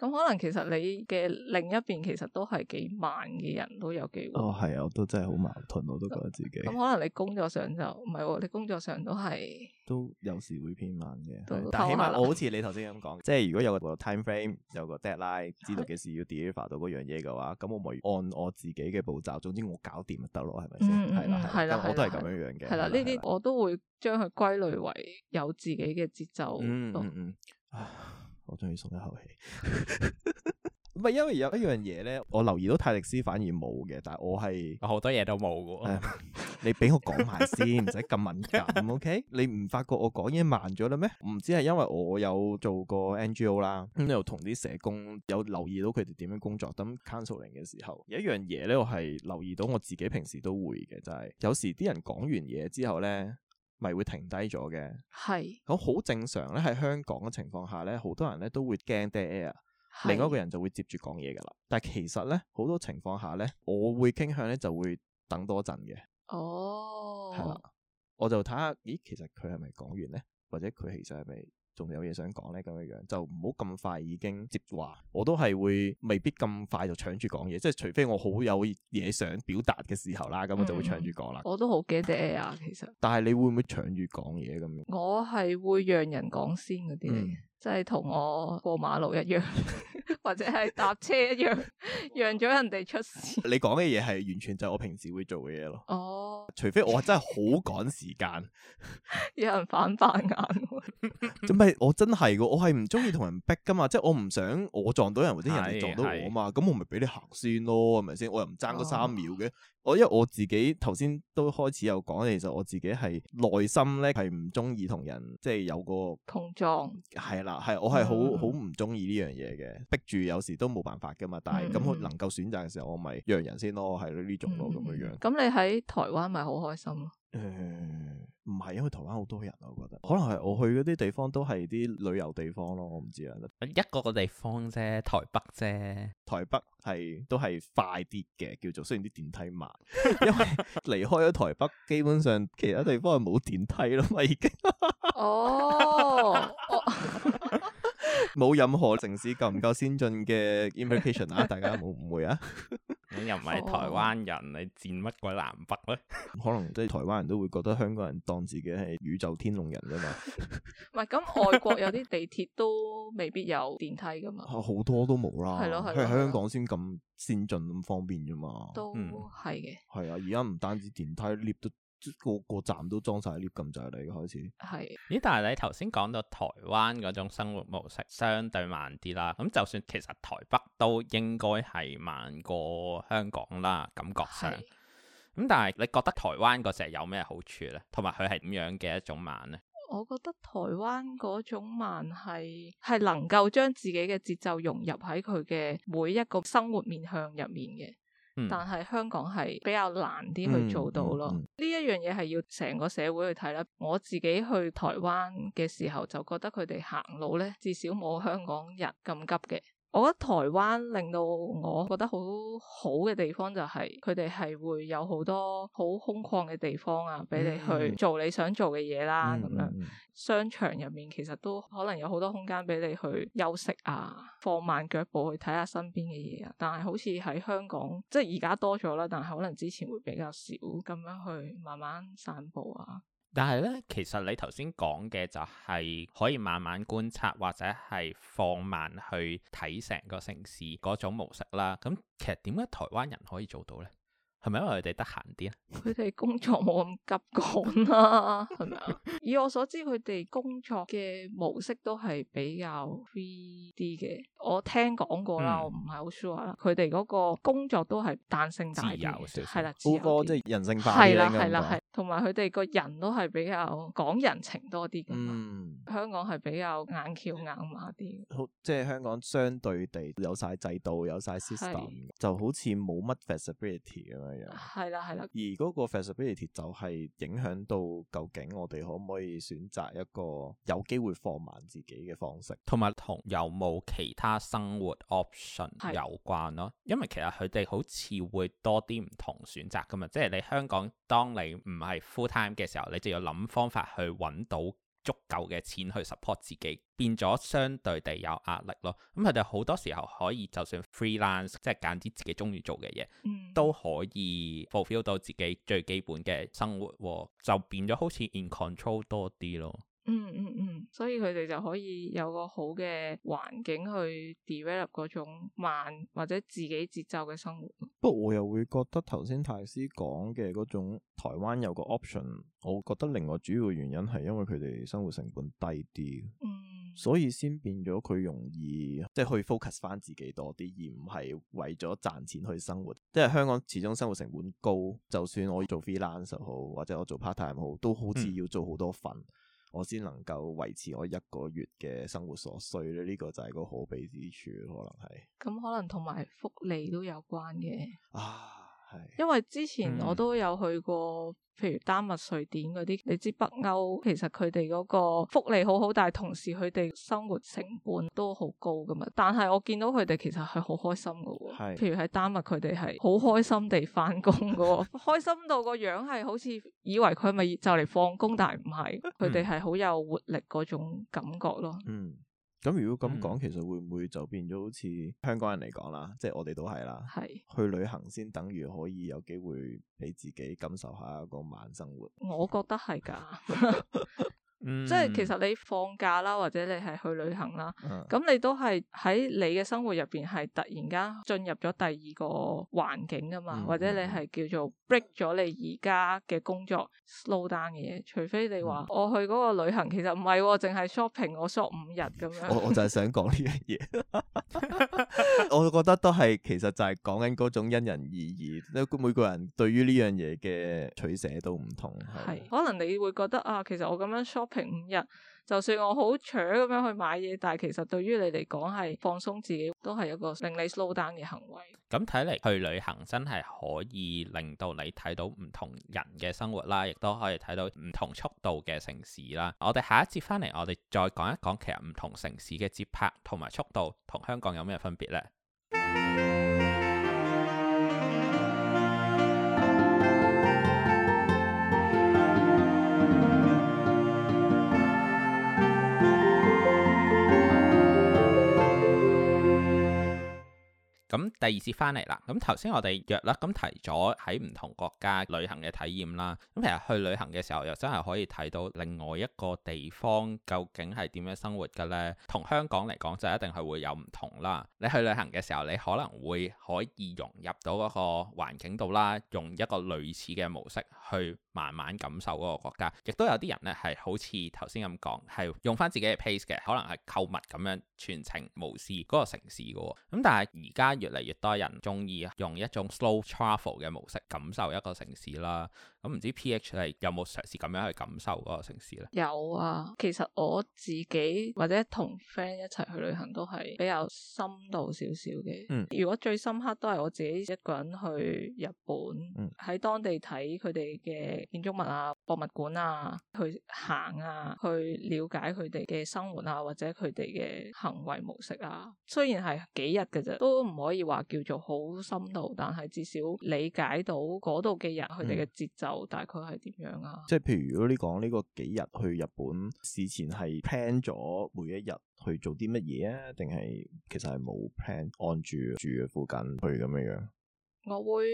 咁可能其實你嘅另一邊其實都係幾慢嘅人都有機會。哦，係啊，我都真係好矛盾，我都覺得自己。咁可能你工作上就唔係喎，你工作上都係都有時會偏慢嘅。但起碼我好似你頭先咁講， [laughs] 即係如果有個 time frame，有個 deadline，知道幾時要 deliver 到嗰樣嘢嘅話，咁我咪按我自己嘅步驟，總之我搞掂咪得咯，係咪先？係啦，係啦，我都係咁樣樣嘅。係啦，呢啲我都會將佢歸類為有自己嘅節奏。嗯嗯嗯。嗯嗯嗯 min 你 instructions 我終於鬆一口氣，唔係因為有一樣嘢咧，我留意到泰力斯反而冇嘅，但係我係好多嘢都冇嘅。 [laughs] [laughs] 你俾我講埋先，唔使咁敏感，OK？你唔發覺我講嘢慢咗啦咩？唔知係因為我有做過 NGO 啦、嗯，咁又同啲社工有留意到佢哋點樣工作，咁、嗯、counseling 嘅時候有一樣嘢咧，我係留意到我自己平時都會嘅，就係、是、有時啲人講完嘢之後咧。咪會停低咗嘅，係是，咁好正常咧。喺香港嘅情況下咧，好多人咧都會驚 dead air，另外一個人就會接住講嘢㗎啦。但係其實咧，好多情況下咧，我會傾向咧就會等多陣嘅，哦，係啦，我就睇下，咦，其實佢係咪講完咧，或者佢其實係咪仲有嘢想講咧，咁樣樣就唔好咁快已經接話，我都係會未必咁快就搶住講嘢，即係除非我好有嘢想表達嘅時候啦，咁我就會搶住講啦。我都好 get、啊、其實，但係你會唔會搶住講嘢咁？我係會讓人講先嗰啲、嗯。就係同我過馬路一樣， [laughs] 或者係搭車一樣， [laughs] 讓咗人哋出事。你講嘅嘢係完全就係我平時會做嘅嘢咯。哦，除非我真係好趕時間， [laughs] 有人反白眼。唔係，我真係噶，我係唔中意同人逼噶嘛，即係 [laughs] 我唔想我撞到人或者人哋撞到我啊嘛，咁是是 我咪俾你行先咯，係咪先？我又唔爭嗰三秒嘅。哦我因為我自己頭先都開始有講，其實我自己係內心咧，係唔中意同人即係有個碰撞。係啦狀，係我係好好唔中意呢樣嘢嘅，逼住有時都冇辦法㗎嘛，但係咁我能夠選擇嘅時候，我咪讓人先咯，係呢種咯咁、嗯、樣。咁、嗯、你喺台灣咪好開心咯。誒，唔係、嗯，因為台灣好多人啊，我覺得，可能係我去嗰啲地方都係啲旅遊地方咯，我唔知啊。一個個地方啫，台北啫，台北係都係快啲嘅，叫做雖然啲電梯慢， [laughs] 因為離開咗台北，基本上其他地方係冇電梯啦嘛，已經。哦 [laughs] Oh, oh. [laughs] 冇 [laughs] 任何城市夠唔夠先進嘅 implication 啊，大家冇誤會啊！咁 [laughs] 又唔係台灣人，你戰乜鬼南北咧？ [laughs] 可能即係台灣人都會覺得香港人當自己係宇宙天龍人啫嘛。唔 [laughs] 係， [laughs] 咁外國有啲地鐵都未必有電梯噶嘛。好、 [laughs] 啊、多都冇啦，係咯係咯，佢喺香港先咁先進咁方便啫嘛。嗯、都係嘅。係啊，而家唔單止電梯 lift 都。個個站都裝晒啲 lift 咁滯嘅開始，係是咦？但係你頭先講到台灣嗰種生活模式相對慢啲啦，咁就算其實台北都應該係慢過香港啦，感覺上。咁是但係你覺得台灣嗰隻有咩好處咧？同埋佢係點樣嘅一種慢咧？我覺得台灣嗰種慢係係能夠將自己嘅節奏融入喺佢嘅每一個生活面向入面嘅。但係香港係比較難啲去做到咯，呢一、嗯嗯嗯、樣嘢係要成個社會去睇啦。我自己去台灣嘅時候就覺得佢哋行路咧，至少冇香港人咁急嘅。我覺得台灣令到我覺得好好嘅地方就係佢哋係會有好多好空曠嘅地方啊，俾你去做你想做嘅嘢啦。咁樣，商場入面其實都可能有好多空間俾你去休息啊，放慢腳步去睇下身邊嘅嘢啊。但係好似喺香港，即係而家多咗啦，但係可能之前會比較少，咁樣去慢慢散步啊。但係咧，其實你頭先講嘅就係可以慢慢觀察或者係放慢去睇成個城市嗰種模式啦。咁其實點解台灣人可以做到咧？係咪因為佢哋得閒啲？佢哋工作冇咁急趕啦，係咪啊？以我所知，佢哋工作嘅模式都係比較 free 啲嘅。我聽講過啦，嗯、我唔係好 sure 啦。佢哋嗰個工作都係彈性大啲，係啦，自由即係人性化啲咁樣。同埋佢哋個人都係比較講人情多啲嘅嘛，嗯、香港係比較硬橋硬馬啲，即係香港相對地有晒制度，有晒 system，的就好似冇乜 flexibility 咁樣樣，係啦，係啦。而嗰個 flexibility 就係影響到究竟我哋可唔可以選擇一個有機會放慢自己嘅方式，同埋同有冇其他生活 option 有關咯。的因為其實佢哋好似會多啲唔同選擇，㗎嘛，即係你香港當你唔唔係 full time 嘅時候，你就要諗方法去揾到足夠嘅錢去 support 自己，變咗相對地有壓力咯。咁佢哋好多時候可以就算 freelance，即係揀啲自己中意做嘅嘢，嗯、都可以 fulfill 到自己最基本嘅生活，就變咗好似 in control 多啲咯。嗯嗯嗯，所以佢哋就可以有個好嘅環境去 develop 嗰種慢或者自己節奏嘅生活。不過我又會覺得頭先泰斯講嘅嗰種台灣有個 option，我覺得另外主要原因係因為佢哋生活成本低啲，嗯，所以先變咗佢容易，即係去 focus 翻自己多啲，而唔係為咗賺錢去生活。即係香港始終生活成本高，就算我做 freelance 好，或者我做 part time 好，都好似要做好多份。嗯我先能夠維持我一個月嘅生活所需咧，呢、這個就係個可悲之處，可能係。咁、嗯、可能同埋福利都有關嘅。啊。因為之前我都有去過，譬如丹麥、瑞典嗰啲，你知北歐其實佢哋嗰個福利好好，但係同時佢哋生活成本都好高噶嘛。但係我見到佢哋其實係好開心噶，譬如喺丹麥佢哋係好開心地返工噶 [laughs] 開心到個樣係好似以為佢係咪就嚟放工，但係唔係，佢哋係好有活力嗰種感覺咯。 [laughs] 嗯咁如果咁講，嗯、其實會唔會就變咗好似香港人嚟講啦，即、就、係、是、我哋都係啦，是去旅行先等於可以有機會俾自己感受一下一個慢生活。我覺得係㗎。嗯、即係其實你放假啦，或者你係去旅行啦，咁、嗯、你都係喺你嘅生活入邊係突然間進入咗第二個環境噶嘛，嗯、或者你係叫做 break 咗你而家嘅工作 slow down 嘅嘢。除非你話我去個旅行，其實唔係淨係 shopping，我 shop 五日咁樣我，我就係想講呢樣嘢， [laughs] [laughs] [laughs] 我覺得都係其實就係講緊種因人而異，每每個人對於呢樣嘢嘅取捨都唔同，係是可能你會覺得啊，其實我咁樣 shop。平五日，就算我好蠢咁樣去買嘢，但係其實對於你嚟講係放鬆自己，都係一個令你 slow down 嘅行為。咁睇嚟，去旅行真係可以令到你睇到唔同人嘅生活啦，亦都可以睇到唔同速度嘅城市啦。我哋下一節翻嚟，我哋再講一講，其實唔同城市嘅節拍同埋速度同香港有咩分別呢？ [music] 咁第二次翻嚟啦，咁頭先我哋約啦，咁提咗喺唔同國家旅行嘅體驗啦，咁其實去旅行嘅時候又真係可以睇到另外一個地方究竟係點樣生活嘅呢。同香港嚟講就一定係會有唔同啦。你去旅行嘅時候，你可能會可以融入到一個環境度啦，用一個類似嘅模式。去慢慢感受嗰個國家，亦都有啲人咧，係好似頭先咁講，係用翻自己嘅 pace 嘅，可能係購物咁樣全程無視嗰個城市嘅喎。咁但係而家越嚟越多人中意用一種 slow travel 嘅模式感受一個城市啦。咁唔知 PH 係有冇嘗試咁樣去感受嗰個城市咧？有啊，其實我自己或者同 friend 一齊去旅行都係比較深度少少嘅。嗯，如果最深刻都係我自己一個人去日本，喺、嗯、當地睇佢哋。嘅建築物啊、博物館啊，去行啊，去了解佢哋嘅生活啊，或者佢哋嘅行為模式啊。雖然係幾日嘅啫，都唔可以話叫做好深度，但係至少理解到嗰度嘅人，佢哋嘅節奏大概係點樣啊。嗯，即係譬如，如果你講呢個幾日去日本，事前係 plan 咗每一日去做啲乜嘢啊，定係其實係冇 plan 按住住嘅附近去咁樣樣。我會。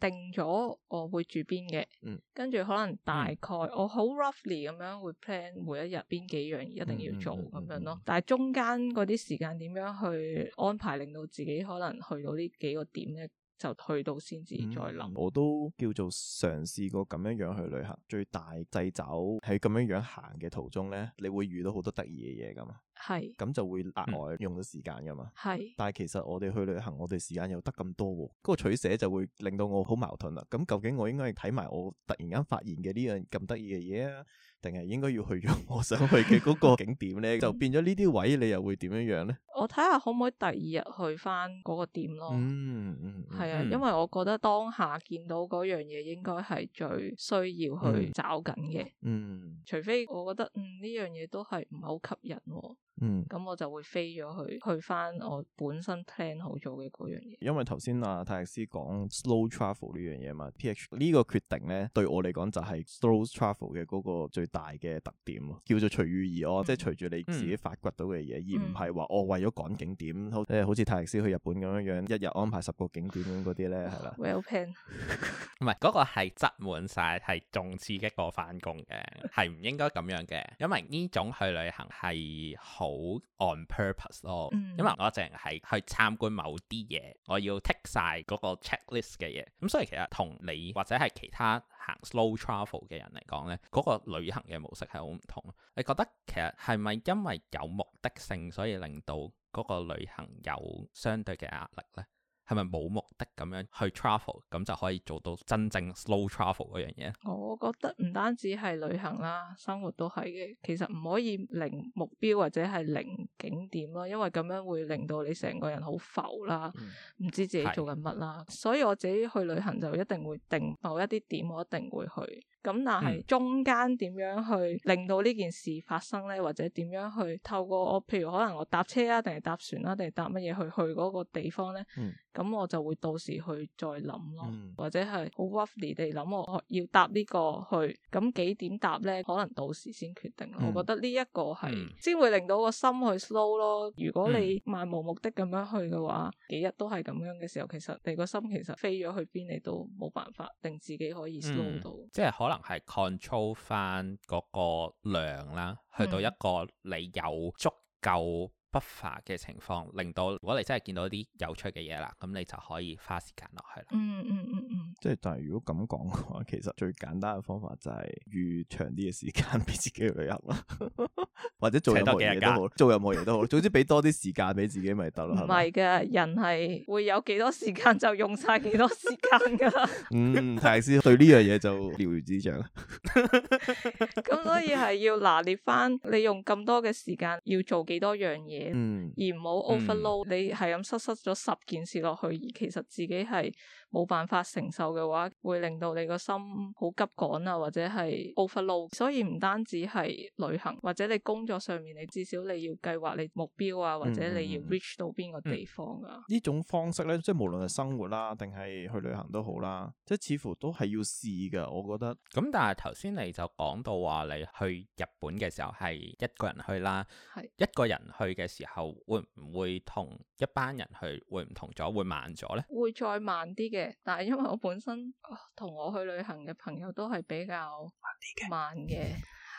定咗我會住邊嘅，跟住、嗯、可能大概、嗯、我好 roughly 咁樣會 plan 每一日邊幾樣一定要做咁樣咯，嗯嗯嗯、但係中間嗰啲時間點樣去安排，令到自己可能去到呢幾個點呢？就去到先至再諗、嗯，我都叫做嘗試過咁樣樣去旅行。最大掣肘喺咁樣樣行嘅途中咧，你會遇到好多得意嘅嘢噶嘛？係是，咁就會額外、嗯、用咗時間噶嘛？係是。但係其實我哋去旅行，我哋時間又得咁多、哦，嗰個取捨就會令到我好矛盾啦。咁究竟我應該係睇埋我突然間發現嘅呢樣咁得意嘅嘢啊？定係應該要去咗我想去嘅嗰個景點咧？ [laughs] 就變咗呢啲位，你又會點樣樣咧？ [noise] 我睇下可唔可以第二日去翻嗰個店咯。嗯嗯、係、嗯嗯、啊，因為我覺得當下見到嗰樣嘢，應該係最需要去找緊嘅。嗯，除非我覺得嗯呢樣嘢都係唔係好吸引、哦。嗯，咁我就會飛咗去，去翻我本身 plan 好咗嘅嗰樣嘢。因為頭先阿泰力斯講 slow travel 呢樣嘢嘛，PH 呢個決定咧對我嚟講就係 slow travel 嘅嗰個最大嘅特點叫做隨遇而安，即係隨住你自己發掘到嘅嘢，而唔係話我為咗趕景點，即係、嗯、好似泰力斯去日本咁樣樣，一日安排十個景點咁嗰啲咧係啦。Well plan，唔係嗰個係窒滿晒，係仲刺激過翻工嘅，係唔應該咁樣嘅，因為呢種去旅行係好 on purpose 咯、嗯，因為我淨係去參觀某啲嘢，我要 take 曬嗰個 checklist 嘅嘢，咁所以其實同你或者係其他行 slow travel 嘅人嚟講呢嗰、嗰個旅行嘅模式係好唔同。你覺得其實係咪因為有目的性，所以令到嗰個旅行有相對嘅壓力呢？係咪冇目的咁樣去 travel，咁就可以做到真正 slow travel 嗰樣嘢？我覺得唔單止係旅行啦，生活都係嘅。其實唔可以零目標或者係零景點咯，因為咁樣會令到你成個人好浮啦，唔、嗯、知自己做緊乜啦。是所以我自己去旅行就一定會定某一啲點，我一定會去。咁但係中間點樣去令到呢件事發生咧，或者點樣去透過我，譬如可能我搭車啊，定係搭船啊定係搭乜嘢去去個地方咧？咁、嗯、我就會到時去再諗咯，嗯、或者係好 roughly 地諗我要搭呢個去，咁幾點搭咧？可能到時先決定。嗯、我覺得呢一個係先會令到個心去 slow 咯。如果你漫無目的咁樣去嘅話，幾日都係咁樣嘅時候，其實你個心其實飛咗去邊你都冇辦法，令自己可以 slow 到、嗯。即係可能。係 control 翻嗰個量啦，去到一個你有足夠。不乏嘅情況，令到如果你真係見到啲有趣嘅嘢啦，咁你就可以花時間落去啦、嗯。嗯嗯嗯即係但係如果咁講嘅話，其實最簡單嘅方法就係、是、預長啲嘅時間俾自己去旅行啦， [laughs] 或者做任何嘢都好，做任何嘢都好，總之俾多啲時間俾自己咪得咯。唔係嘅，吧人係會有幾多時間就用晒幾多時間噶 [laughs] 嗯，睇下先，對呢樣嘢就了如指掌。咁 [laughs] [laughs] 所以係要拿捏翻，你用咁多嘅時間要做幾多樣嘢。 [laughs] 嗯，而唔好 overload、嗯、你係咁塞塞咗十件事落去，而其實自己係。冇辦法承受嘅話，會令到你個心好急趕啊，或者係暴發路，所以唔單止係旅行，或者你工作上面，你至少你要計劃你目標啊，或者你要 reach 到邊個地方啊。呢、嗯嗯嗯、種方式咧，即係無論係生活啦，定係去旅行都好啦，即係似乎都係要試㗎。我覺得。咁、嗯、但係頭先你就講到話你去日本嘅時候係一個人去啦，係是一個人去嘅時候，會唔會同一班人去，會唔同咗，會慢咗咧？會再慢啲嘅。但係因為我本身同、啊、我去旅行嘅朋友都係比較慢嘅，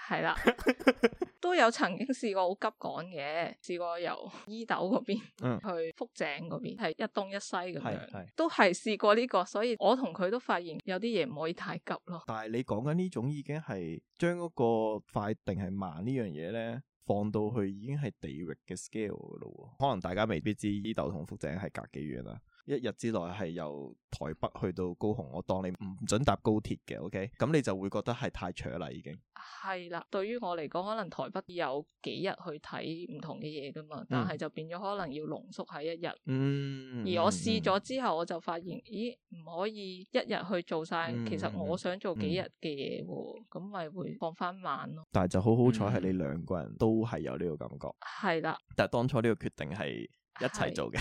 係啦， [laughs] 了 [laughs] 都有曾經試過好急趕嘅，試過由伊豆嗰邊去福井嗰邊，係、嗯、一東一西咁樣，都係試過呢、呢個，所以我同佢都發現有啲嘢唔可以太急咯。但係你講緊呢種已經係將嗰個快定係慢呢樣嘢呢放到去已經係地域嘅 scale 咯，可能大家未必知伊豆同福井係隔幾遠啦。一日之內係由台北去到高雄，我當你唔準搭高鐵嘅，OK？咁你就會覺得係太 short 啦，已經。係啦，對於我嚟講，可能台北有幾日去睇唔同嘅嘢噶嘛，但係就變咗可能要濃縮喺一日、嗯。嗯。而我試咗之後，我就發現，咦，唔可以一日去做晒。嗯、其實我想做幾日嘅嘢喎，咁咪、嗯、會放翻晚咯。但係就好好彩係你兩個人都係有呢個感覺。係啦、嗯。但係當初呢個決定係。一齊做嘅，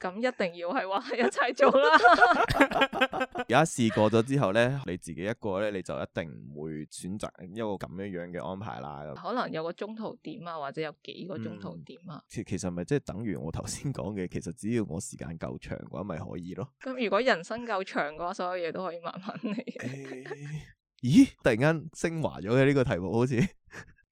咁一定要係話一齊做啦。而家試過咗之後咧，你自己一個咧，你就一定唔會選擇一個咁樣樣嘅安排啦。可能有個中途點啊，或者有幾個中途點啊。其、嗯、其實咪即係等於我頭先講嘅，其實只要我時間夠長嘅話，咪可以咯。咁如果人生夠長嘅話，所有嘢都可以慢慢嚟 [laughs] 、欸。咦？突然間升華咗嘅呢個題目好，好似～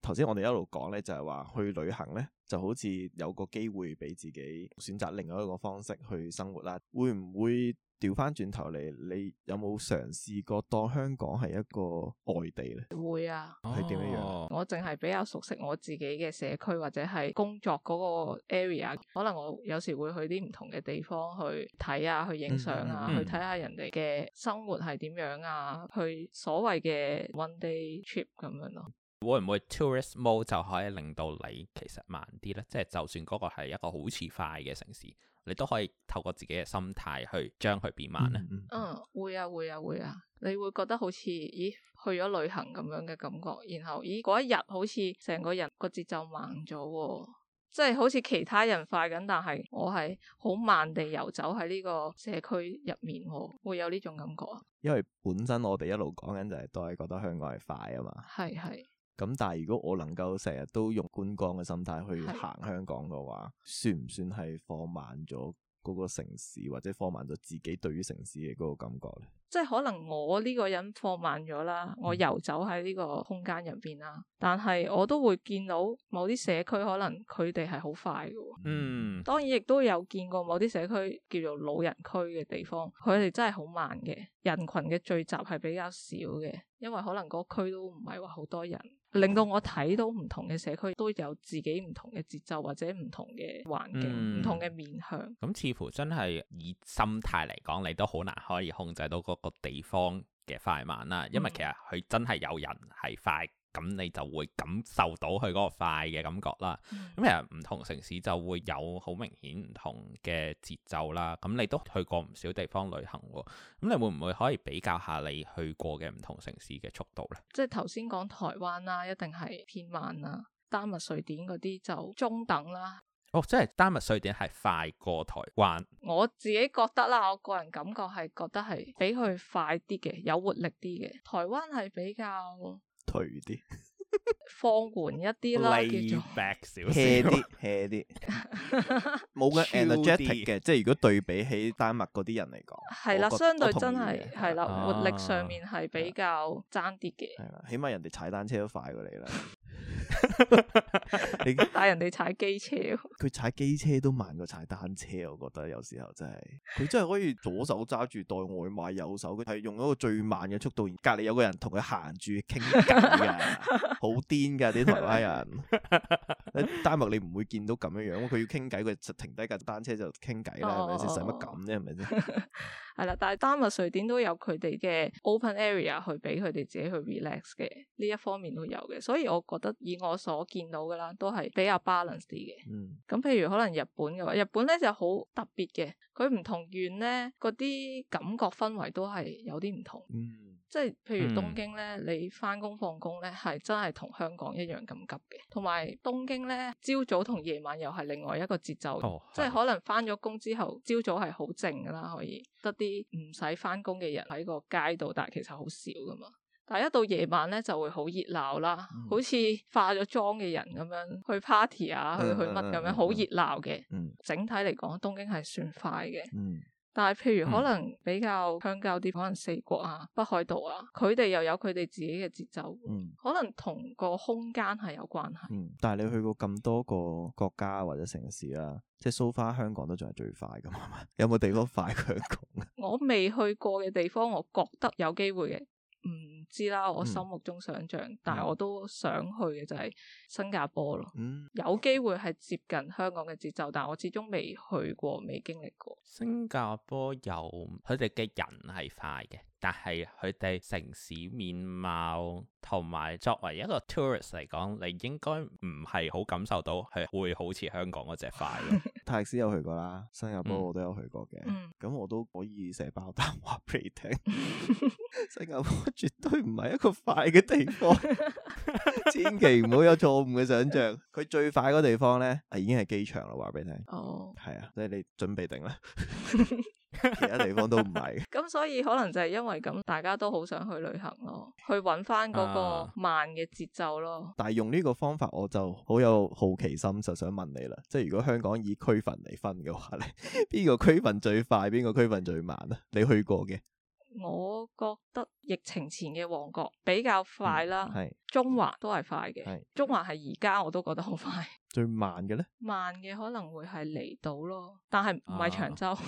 頭先我哋一路講咧，就係、是、話去旅行咧，就好似有個機會俾自己選擇另外一個方式去生活啦。會唔會調返轉頭嚟？你有冇嘗試過當香港係一個外地咧？會啊，係點樣、啊？哦、我淨係比較熟悉我自己嘅社區或者係工作嗰個 area。可能我有時會去啲唔同嘅地方去睇啊，去影相啊，嗯嗯嗯、去睇下人哋嘅生活係點樣啊，去所謂嘅 one day trip 咁樣咯、啊。會唔會 tourist mode 就可以令到你其實慢啲咧？即係就算嗰個係一個好似快嘅城市，你都可以透過自己嘅心態去將佢變慢咧、嗯。嗯，會啊，會啊，會啊！你會覺得好似咦，去咗旅行咁樣嘅感覺，然後咦，嗰一日好似成個人個節奏慢咗，哦，即係好似其他人快緊，但係我係好慢地游走喺呢個社區入面，會有呢種感覺啊？因為本身我哋一路講緊就係都係覺得香港係快啊嘛，係係。咁但係如果我能夠成日都用觀光嘅心態去行香港嘅話，的算唔算係放慢咗嗰個城市，或者放慢咗自己對於城市嘅嗰個感覺呢？即係可能我呢個人放慢咗啦，嗯、我遊走喺呢個空間入邊啦，但係我都會見到某啲社區可能佢哋係好快㗎，嗯，當然亦都有見過某啲社區叫做老人區嘅地方，佢哋真係好慢嘅。人群嘅聚集係比較少嘅，因為可能嗰區都唔係話好多人，令到我睇到唔同嘅社區都有自己唔同嘅節奏或者唔同嘅環境、嗯、唔同嘅面向。咁、嗯、似乎真係以心態嚟講，你都好難可以控制到嗰個地方嘅快慢啦。因為其實佢真係有人係快。咁你就會感受到佢嗰個快嘅感覺啦。咁其實唔同城市就會有好明顯唔同嘅節奏啦。咁你都去過唔少地方旅行，咁你會唔會可以比較下你去過嘅唔同城市嘅速度呢？即係頭先講台灣啦，一定係偏慢啦。丹麥、瑞典嗰啲就中等啦。哦，即係丹麥、瑞典係快過台灣。我自己覺得啦，我個人感覺係覺得係比佢快啲嘅，有活力啲嘅。台灣係比較。頹啲，放緩 [laughs] 一啲啦，Lay back 叫做 hea 啲 hea 啲，冇咁 energetic 嘅， [laughs] 即係如果對比起丹麥嗰啲人嚟講，係啦，相對真係係啦，活力上面係比較爭啲嘅，係啦、啊， [laughs] 起碼人哋踩單車都快過你啦。 [laughs] [laughs] 你帶人哋踩機車、啊，佢踩機車都慢過踩單車，我覺得有時候真係，佢真係可以左手揸住袋外賣，右手佢係用一個最慢嘅速度，隔籬有個人同佢行住傾偈噶， [laughs] 好癲噶啲台灣人。喺 [laughs] [laughs] 丹麥你唔會見到咁樣樣，佢要傾偈，佢停低架單車就傾偈啦，係咪先，使乜咁啫，係咪先？ [laughs] 係啦，但係丹麥瑞典都有佢哋嘅 open area 去俾佢哋自己去 relax 嘅呢一方面都有嘅，所以我覺得以我所見到嘅啦，都係比較 balance 啲嘅。嗯，咁譬如可能日本嘅話，日本咧就好特別嘅，佢唔同縣咧嗰啲感覺氛圍都係有啲唔同。嗯。即係譬如東京咧，你翻工放工咧，係真係同香港一樣咁急嘅。同埋東京咧，朝早同夜晚又係另外一個節奏。哦，即係可能翻咗工之後，朝早係好靜噶啦，可以得啲唔使翻工嘅人喺個街度，但係其實好少噶嘛。但係一到夜晚咧，就會好熱鬧啦，嗯，好似化咗妝嘅人咁樣去 party 啊，去去乜咁樣，好熱鬧嘅。嗯，整體嚟講，東京係算快嘅。嗯。嗯但係，譬如可能比較鄉郊啲，嗯、可能四國啊、北海道啊，佢哋又有佢哋自己嘅節奏，嗯、可能同個空間係有關係。嗯、但係你去過咁多個國家或者城市啊，即係 so far 香港都仲係最快噶嘛？ [laughs] 有冇地方快過香港？ [laughs] [laughs] 我未去過嘅地方，我覺得有機會嘅。唔知啦，我心目中想象，嗯、但係我都想去嘅就係新加坡咯，嗯、有機會係接近香港嘅節奏，但係我始終未去過，未經歷過。新加坡有佢哋嘅人係快嘅。但係佢哋城市面貌同埋作為一個 tourist 嚟講，你應該唔係好感受到係會好似香港嗰隻快。 [laughs] 泰斯有去過啦，新加坡我都有去過嘅，咁、嗯、我都可以寫包單話俾你聽，嗯、 [laughs] 新加坡絕對唔係一個快嘅地方， [laughs] [laughs] 千祈唔好有錯誤嘅想象。佢最快嗰地方咧，已經係機場啦，話俾你聽。哦，係啊，即係你準備定啦。 [laughs] 其他地方都唔係。咁 [laughs] 所以可能就係因為咁，大家都好想去旅行咯，去揾翻嗰個慢嘅節奏咯。啊、但係用呢個方法，我就好有好奇心，就想問你啦，即係如果香港以區份嚟分嘅話咧，邊個區份最快，邊個區份最慢啊？你去過嘅，我覺得疫情前嘅旺角比較快啦，係、嗯、中環都係快嘅，是中環係而家我都覺得好快。最慢嘅咧，慢嘅可能會係離島咯，但係唔係長洲、啊。 [laughs]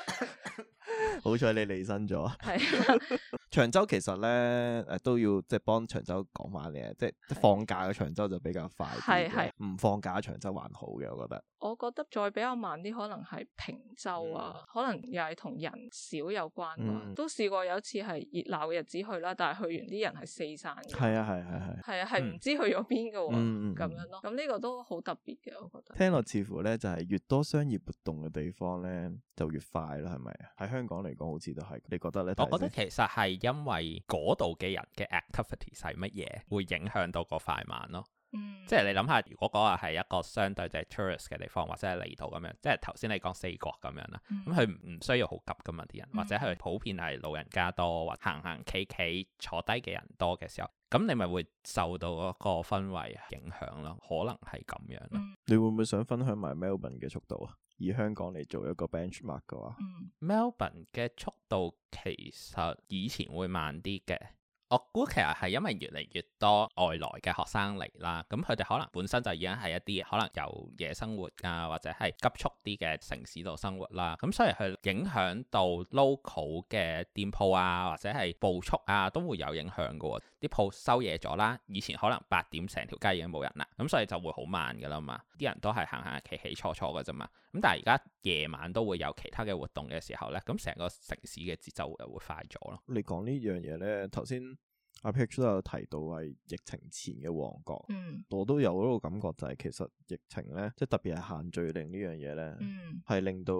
[laughs] 好彩你離身咗， [laughs] 長洲其實咧誒都要即係幫長洲講話嘅，即係放假嘅長洲就比較快，係係唔放假長洲還好嘅，我覺得。我覺得再比較慢啲，可能係平洲啊，嗯、可能又係同人少有關啦。嗯、都試過有一次係熱鬧嘅日子去啦，但係去完啲人係四散嘅，係、嗯、啊係係係係啊係唔知去咗邊㗎，咁、嗯、樣咯。咁呢、嗯嗯、個都好特別嘅，我覺得。聽落似乎咧就係越多商業活動嘅地方咧。就越快啦，係咪啊？喺香港嚟講，好似都係，你覺得咧？我覺得其實係因為嗰度嘅人嘅 activity 係乜嘢，會影響到個快慢咯。嗯、即係你諗下，如果嗰個係一個相對嘅 tourist 嘅地方，或者係離島咁樣，即係頭先你講四國咁樣啦，咁佢唔需要好急噶嘛，啲人或者係普遍係老人家多，或者行行企企坐低嘅人多嘅時候，咁你咪會受到嗰個氛圍影響咯，可能係咁樣咯。嗯、你會唔會想分享埋 Melbourne 嘅速度啊？以香港嚟做一個 benchmark 嘅話，嗯，Melbourne 嘅速度其實以前會慢啲嘅。我估其實係因為越嚟越多外來嘅學生嚟啦，咁佢哋可能本身就已經係一啲可能有夜生活啊，或者係急促啲嘅城市度生活啦、啊，咁所以佢影響到 local 嘅店鋪啊，或者係步速啊，都會有影響噶、啊。啲鋪收嘢咗啦，以前可能八點成條街已經冇人啦，咁所以就會好慢噶啦嘛，啲人都係行行企企坐坐噶啫嘛。咁但係而家夜晚都會有其他嘅活動嘅時候咧，咁成個城市嘅節奏又會快咗咯。你講呢樣嘢咧，頭先。阿 PH 都有提到係疫情前嘅旺角，嗯、我都有嗰個感覺，就係其實疫情咧，即係特別係限聚令呢樣嘢咧，係、嗯、令到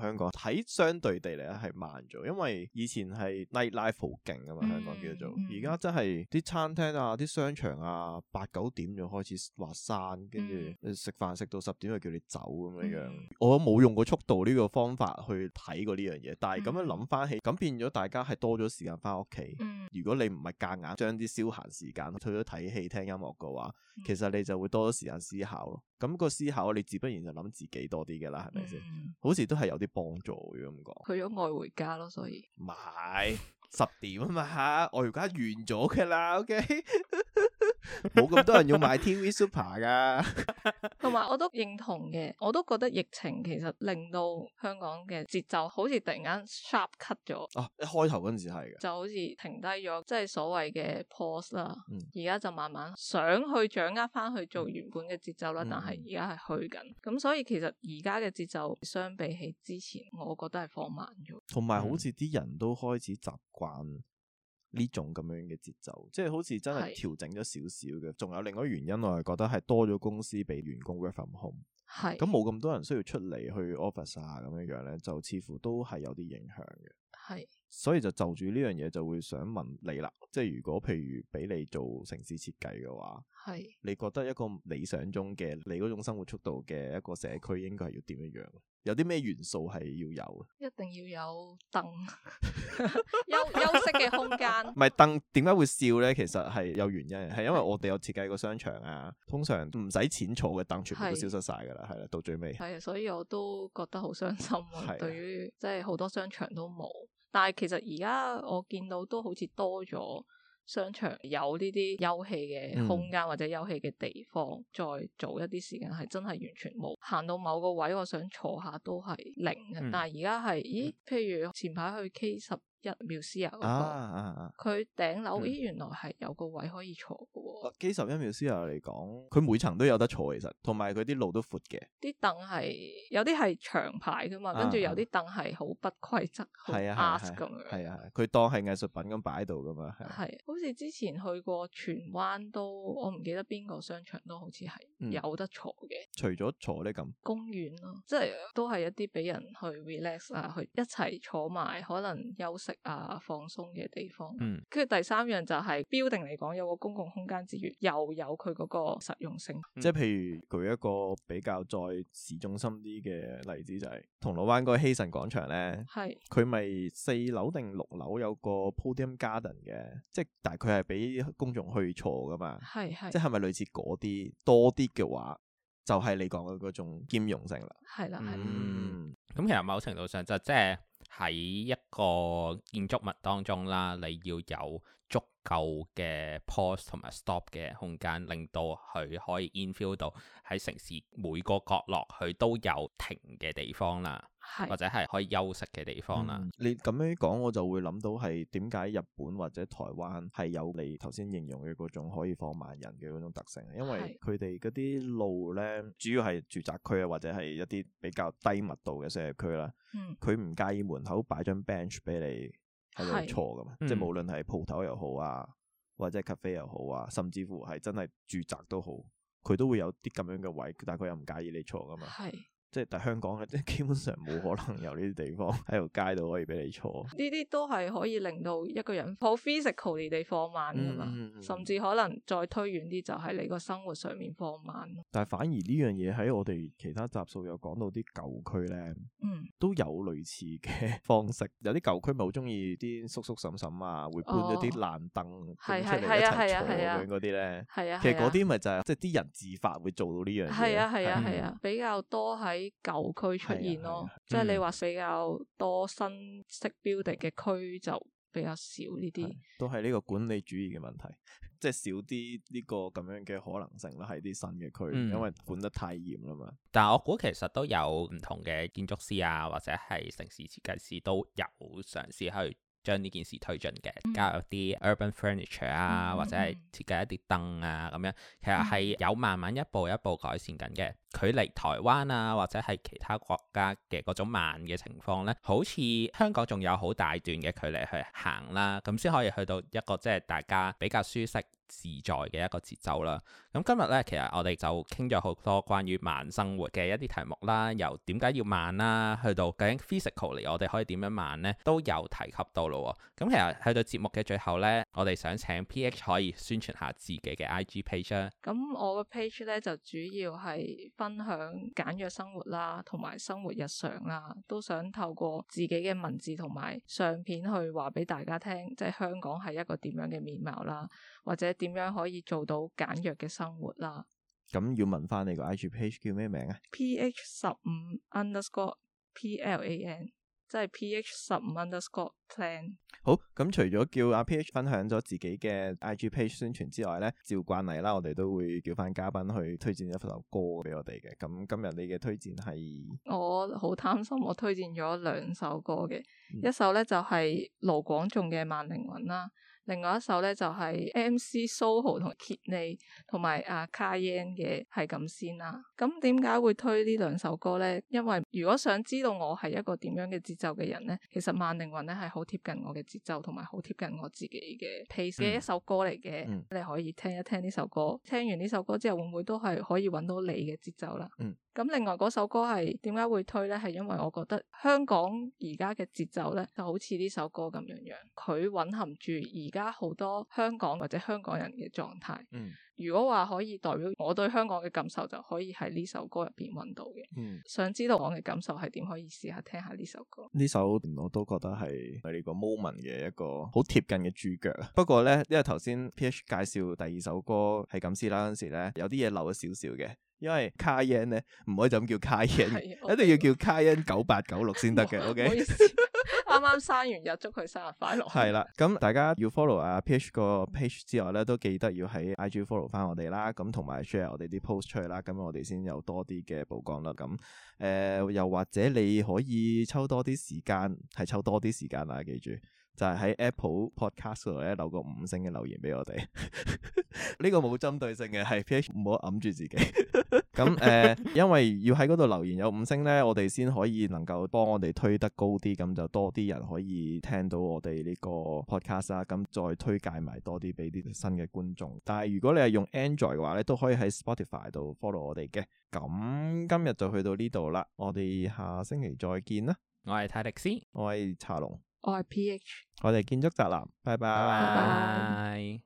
香港睇相對地嚟咧係慢咗，因為以前係 night life 好勁啊嘛，香港叫做，而家真係啲餐廳啊、啲商場啊，八九點就開始劃閂，跟住食飯食到十點就叫你走咁樣樣，嗯、我冇用過速度呢個方法去睇過呢樣嘢，但係咁樣諗翻起，咁變咗大家係多咗時間翻屋企。如果你唔係。隔。將啲消閒時間退咗睇戲聽音樂嘅話，其實你就會多咗時間思考咯。咁個思考你自不然就諗自己多啲嘅啦，係咪先？嗯、好似都係有啲幫助咁講。去咗愛回家咯，所以唔係十點啊嘛，吓，愛回家完咗嘅啦，OK。 [laughs] 冇咁 [laughs] 多人要買 TV Super 噶，同埋我都認同嘅，我都覺得疫情其實令到香港嘅節奏好似突然間 sharp cut 咗。哦、啊，一開頭嗰陣時係嘅，就好似停低咗，即係所謂嘅 pause 啦。而家就慢慢想去掌握翻去做原本嘅節奏啦，嗯、但係而家係去緊，咁所以其實而家嘅節奏相比起之前，我覺得係放慢咗。同埋好似啲人都開始習慣。嗯呢種咁樣嘅節奏，即係好似真係調整咗少少嘅。仲是有另外一個原因，我係覺得係多咗公司俾員工 work from home，係咁冇咁多人需要出嚟去 office 啊咁樣樣咧，就似乎都係有啲影響嘅。係。所以就就住呢樣嘢，就會想問你啦。即係如果譬如俾你做城市設計嘅話，係是你覺得一個理想中嘅你嗰種生活速度嘅一個社區，應該係要點樣樣？有啲咩元素係要有？一定要有凳休 [laughs] 休息嘅空間。唔係凳，點解會笑咧？其實係有原因，係因為我哋有設計個商場啊，通常唔使錢坐嘅凳全部都消失晒噶啦，係啦是，到最尾係啊，所以我都覺得好傷心啊。的對於即係好多商場都冇。但係其實而家我見到都好似多咗商場有呢啲休憩嘅空間或者休憩嘅地方，再早一啲時間係真係完全冇行到某個位，我想坐下都係零嘅。但係而家係，咦？譬如前排去 K 十。一繆斯啊嗰個，佢頂樓咦，原來係有個位可以坐嘅。基十一繆斯啊嚟講，佢每層都有得坐，其實，同埋佢啲路都闊嘅。啲凳係有啲係長排噶嘛，跟住有啲凳係好不規則，係啊，咁樣。係啊，啊，佢當係藝術品咁擺度噶嘛。係，好似之前去過荃灣都，我唔記得邊個商場都好似係有得坐嘅、嗯。除咗坐呢咁，公園咯，即係都係一啲俾人去 relax 啊，去一齊坐埋，可能休息。啊，放鬆嘅地方。嗯，跟住第三樣就係建築嚟講，有個公共空間之餘，又有佢嗰個實用性。嗯、即係譬如舉一個比較在市中心啲嘅例子，就是，就係銅鑼灣嗰個希慎廣場咧。係是。佢咪四樓定六樓有個 podium garden 嘅，即係但係佢係俾公眾去坐噶嘛。係係。即係咪類似嗰啲多啲嘅話，就係、是、你講嘅嗰種兼容性啦。係啦係。嗯。咁其實某程度上就即、是、係。喺一個建築物當中啦，你要有足夠嘅 pause 同埋 stop 嘅空間，令到佢可以 infill 到喺城市每個角落，佢都有停嘅地方啦。或者係可以休息嘅地方啦、嗯。你咁樣講，我就會諗到係點解日本或者台灣係有你頭先形容嘅嗰種可以放慢人嘅嗰種特性。因為佢哋嗰啲路咧，主要係住宅區啊，或者係一啲比較低密度嘅社區啦。嗯、佢唔介意門口擺張 bench 俾你喺度坐噶嘛。嗯、即係無論係鋪頭又好啊，或者 cafe 又好啊，甚至乎係真係住宅都好，佢都會有啲咁樣嘅位。但係佢又唔介意你坐噶嘛。係。即係但香港咧，基本上冇可能有呢啲地方喺條 [laughs] 街度可以俾你坐。呢啲都係可以令到一個人好 physical 嘅地放慢噶啦。嗯嗯嗯、甚至可能再推遠啲，就喺你個生活上面放慢。但係反而呢樣嘢喺我哋其他集數有講到啲舊區咧，嗯，都有類似嘅方式。有啲舊區咪好中意啲叔叔嬸嬸啊，哦、會搬咗啲爛凳搬出嚟一齊坐咁樣嗰啲咧。係啊、嗯、哦、其實嗰啲咪就係即係啲人自發會做到呢樣嘢。係啊、嗯、係啊、嗯、係啊，比較多係。喺舊區出現咯，的即係你話比較多新式標的嘅區就比較少呢啲，嗯嗯、都係呢個管理主義嘅問題，即、就、係、是、少啲呢個咁樣嘅可能性啦，喺啲新嘅區，因為管得太嚴啦嘛。但係我估其實都有唔同嘅建築師啊，或者係城市設計師都有嘗試去。將呢件事推進嘅，加入啲 urban furniture、嗯、啊，或者係設計一啲燈啊咁樣，其實係有慢慢一步一步改善緊嘅。距離台灣啊，或者係其他國家嘅嗰種慢嘅情況咧，好似香港仲有好大段嘅距離去行啦，咁先可以去到一個即係大家比較舒適。自在嘅一個節奏啦。咁今日咧，其實我哋就傾咗好多關於慢生活嘅一啲題目啦，由點解要慢啦，去到究竟 physical 嚟，我哋可以點樣慢咧，都有提及到咯。咁其實去到節目嘅最後咧。我哋想請 PH 可以宣傳下自己嘅 IG page 啊！咁我個 page 咧就主要係分享簡約生活啦，同埋生活日常啦，都想透過自己嘅文字同埋相片去話俾大家聽，即係香港係一個點樣嘅面貌啦，或者點樣可以做到簡約嘅生活啦。咁要問翻你個 IG page 叫咩名啊？PH 十五 Underscore PLAN。即係 P H 十五蚊 Score Plan。好，咁除咗叫阿 P H 分享咗自己嘅 I G page 宣傳之外咧，照慣例啦，我哋都會叫翻嘉賓去推薦一首歌俾我哋嘅。咁今日你嘅推薦係？我好貪心，我推薦咗兩首歌嘅，嗯、一首咧就係盧廣仲嘅《慢靈魂》啦。另外一首咧就係、是、MC SoHo 同 KidNey 同埋阿 Kayan 嘅係咁先啦。咁點解會推呢兩首歌咧？因為如果想知道我係一個點樣嘅節奏嘅人咧，其實靈呢《慢靈魂》咧係好貼近我嘅節奏，同埋好貼近我自己嘅 pace 嘅一首歌嚟嘅。嗯、你可以聽一聽呢首歌。聽完呢首歌之後，會唔會都係可以揾到你嘅節奏啦？嗯。咁另外嗰首歌係點解會推咧？係因為我覺得香港而家嘅節奏咧就好似呢首歌咁樣樣，佢藴含住而家。而家好多香港或者香港人嘅狀態，嗯、如果話可以代表我對香港嘅感受，就可以喺呢首歌入邊揾到嘅。嗯，想知道我嘅感受係點，可以試下聽下呢首歌。呢首我都覺得係佢哋個 moment 嘅一個好貼近嘅主角。不過咧，因為頭先 PH 介紹第二首歌係《係咁先啦》嗰陣時咧，有啲嘢漏咗少少嘅。因為 Kayan 咧唔可以就咁叫 Kayan 一定要叫 Kayan 九八九六先得嘅。OK。啱啱生完日，祝佢生日快樂。係啦，咁、 [noise] 嗯、 [noise] 大家要 follow 啊，PH 個 page 之外咧，都記得要喺 IG follow 翻我哋啦。咁同埋 share 我哋啲 post 出去啦。咁我哋先有多啲嘅曝光啦。咁、嗯、誒、又、嗯嗯、或者你可以抽多啲時間，係抽多啲時間啦！記住。就係喺 Apple Podcast 度咧留個五星嘅留言俾我哋，呢 [laughs] 個冇針對性嘅，係 P H，唔好揞住自己。咁誒、 [laughs] 呃，因為要喺嗰度留言有五星咧，我哋先可以能夠幫我哋推得高啲，咁就多啲人可以聽到我哋呢個 Podcast 啊，咁再推介埋多啲俾啲新嘅觀眾。但係如果你係用 Android 嘅話咧，都可以喺 Spotify 度 follow 我哋嘅。咁今日就去到呢度啦，我哋下星期再見啦。我係泰迪斯，我係茶龍。我係 Or PH，我哋建築宅男，拜拜。